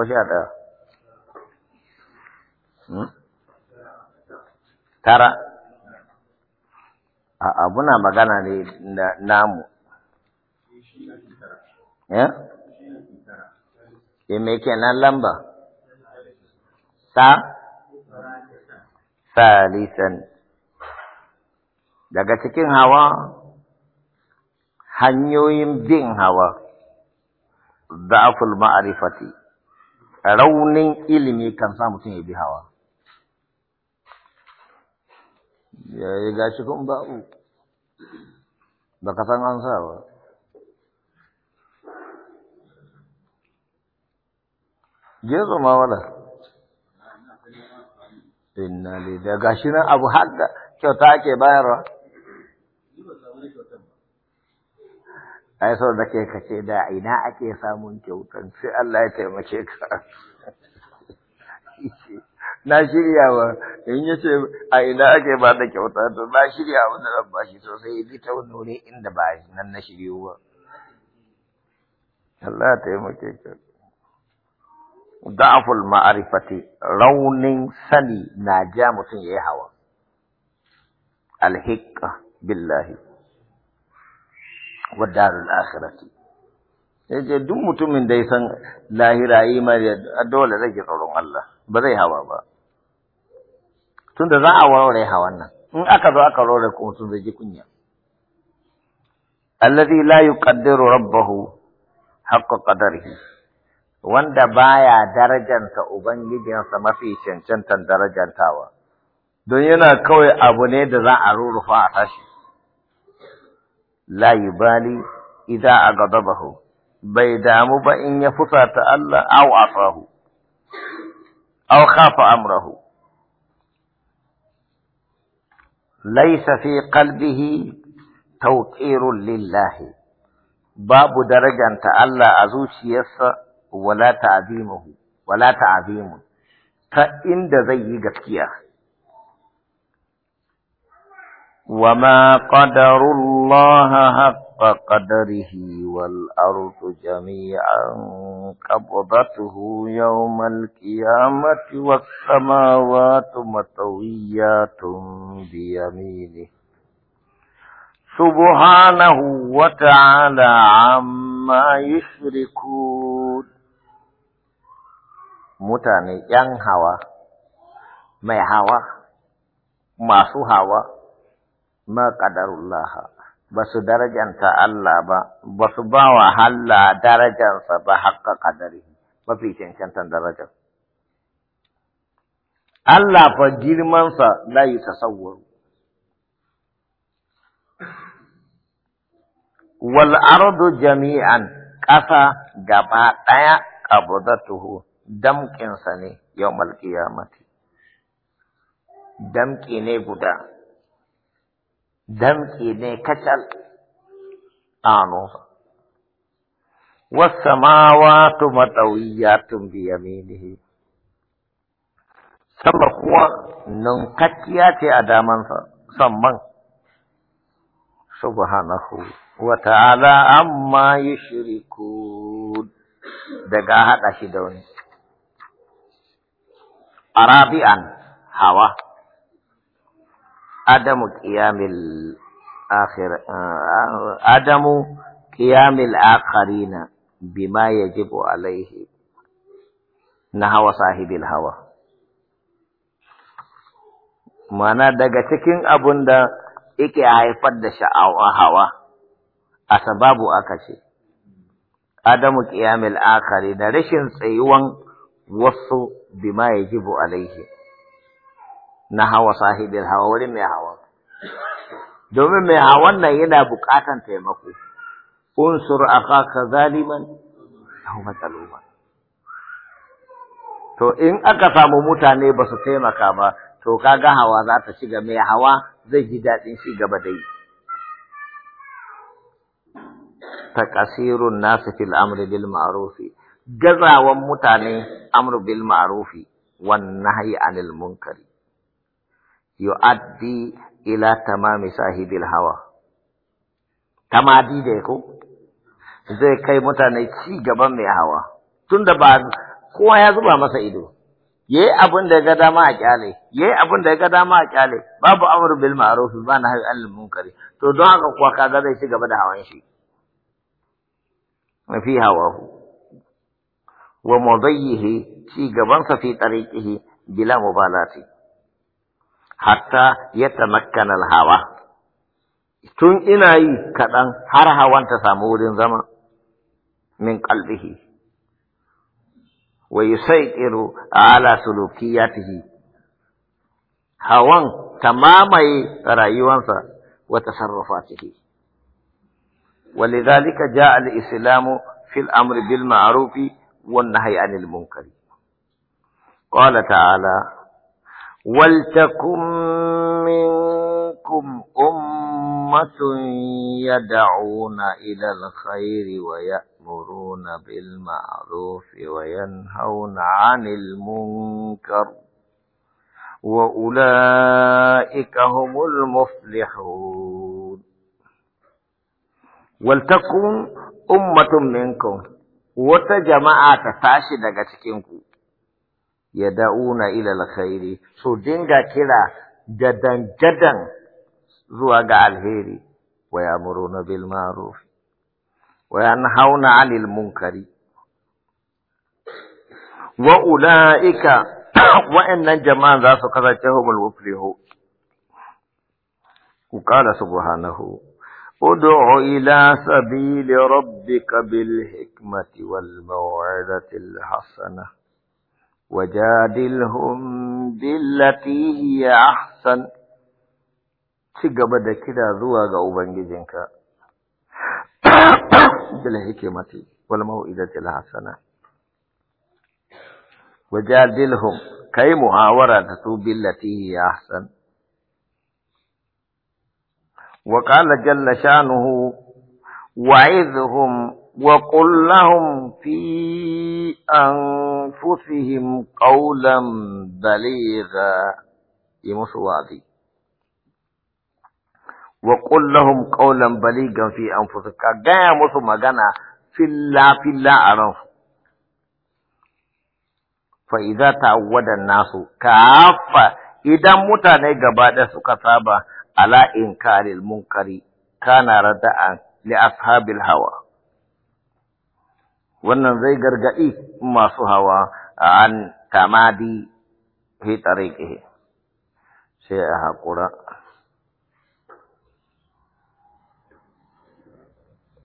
ko sha ɗaya hmm? tara a abuna magana ne na namu ya eh? e eh, me kenan lamba sa salisan daga cikin hawa hanyoyin bin hawa da'aful ma'arifati raunin ilimi kan sa mutum ya bi hawa ya yi gashi kun babu ba ka san an sa ba gezo ma wala inna lillahi gashi nan abu hadda kyauta ake bayarwa ai so da kai kace da ina ake samun kyautan sai Allah ya taimake ka na shirya wa in ya ce a ina ake ba da kyauta to na shirya wa zan ba shi to sai bi ta wani inda ba nan na shiryo ba Allah ya taimake ka da'ful ma'arifati raunin sani na ja mutum yayi hawa alhiqqa billahi wa darul akhirati duk mutumin da ya san lahira yi dole zai tsoron Allah ba zai hawa ba tunda za a warware hawan nan in aka zo aka rore ko mutum zai ji kunya alladhi la yuqaddiru rabbahu haqqa qadarihi wanda baya darajanta ubangijinsa mafi cancantan darajantawa don yana kawai abu ne da za a rurrufa a tashi لا يبالي إذا أغضبه بيدام بإن يفسات تألى أو عصاه أو خاف أمره ليس في قلبه توقير لله باب درجة تألى أزوش يس ولا تعظيمه ولا تعظيمه فإن ذي قد وما قدر الله حق قدره والأرض جميعا قبضته يوم القيامة والسماوات مطويات بيمينه سبحانه وتعالى عما يشركون mutane ‘yan hawa, mai hawa, masu hawa’. ma qadarullah ba su darajanta Allah ba ba su ba wa Allah darajarsa ba haka ƙadari mafi cancantan daraja Allah fa girmansa la yi tasawwur wal ardu jami'an ƙasa gaba ɗaya qabdatuhu damƙinsa ne yawmal qiyamati damƙi ne guda damke ne kacal a hannunsa. Wasamawatu maɗauyatun biyaminihi sama kuwa ninkakkiya ce a damansa, samman. Subhanahu wa ta'ala amma yi shiriku daga haɗa shi da wani. Arabi'an hawa. adamu kiyamil akhir eh, adamu kiyamil akharina bima yajibu alaihi na hawa sahibil hawa mana daga cikin abun da yake haifar da sha'awa hawa asababu aka ce adamu kiyamil akhari da rashin tsayuwan wasu bima yajibu alaihi na hawa sahibin hawa wurin mai hawa. Domin mai hawan nan yana buƙatan taimako. Unsur akaka zaliman aw matsaluman. To in aka samu mutane ba su taimaka ba, to kaga hawa za ta shiga mai hawa zai ji daɗin shi gaba dai. Takasirun nasu fil amri bil ma'rufi gazawan mutane amru bil ma'rufi wan nahyi anil munkari yu'addi ila tamami sahibil hawa tamadi da ko zai kai mutane ci gaban mai hawa tunda ba kowa ya zuba masa ido yayi abin da ya ga dama a kyale yayi abin da ya ga dama a kyale babu amru bil ma'ruf ba na hayy al munkari to don haka kuwa ga zai ci gaba da hawan shi fi hawa. wa mudayyihi ci gaban sa fi tariqihi bila mubalati hatta ya tamakkana hawa tun ina yi kaɗan har hawan ta samu wurin zama min qalbihi wa yusaytiru ala sulukiyatihi hawan ta mamaye rayuwansa wa tasarrufatihi ولذلك جاء الإسلام في الأمر بالمعروف والنهي عن المنكر قال تعالى ولتكن منكم أمة يدعون إلى الخير ويأمرون بالمعروف وينهون عن المنكر وأولئك هم المفلحون ولتكن أمة منكم وتجمعات تاشد كتكنكم يدعون إلى الخير سو دينغا كلا جدن جدن زواغا الهير ويأمرون بالمعروف وينهون عن المنكر وأولئك وإن الجماعة ذات قذتهم الوفره وقال سبحانه ادع إلى سبيل ربك بالحكمة والموعظة الحسنة وجادلهم بالتي هي أحسن cigaba da kira zuwa ga ubangijinka bil hikimati wal mau'izatil hasana wajadilhum kai muhawara da su billati hiya ahsan wa qala jalla shanuhu wa'idhhum وقل لهم في أنفسهم قولا بليغا يمسوادي إيه وقل لهم قولا بليغا في أنفسك كاقايا مسو مغانا في الله في الله أرنف فإذا تعود الناس كافة إذا متاني قبادة سكتابة على إنكار المنكر كان رداء لأصحاب الهوى wannan zai gargaɗi masu hawa an tamadi fi ke sai a haƙura